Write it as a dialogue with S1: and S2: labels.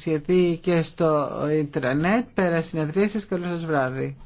S1: σχεδί και στο ίντερνετ Πέρα συνεδρίασης. Καλό σας βράδυ.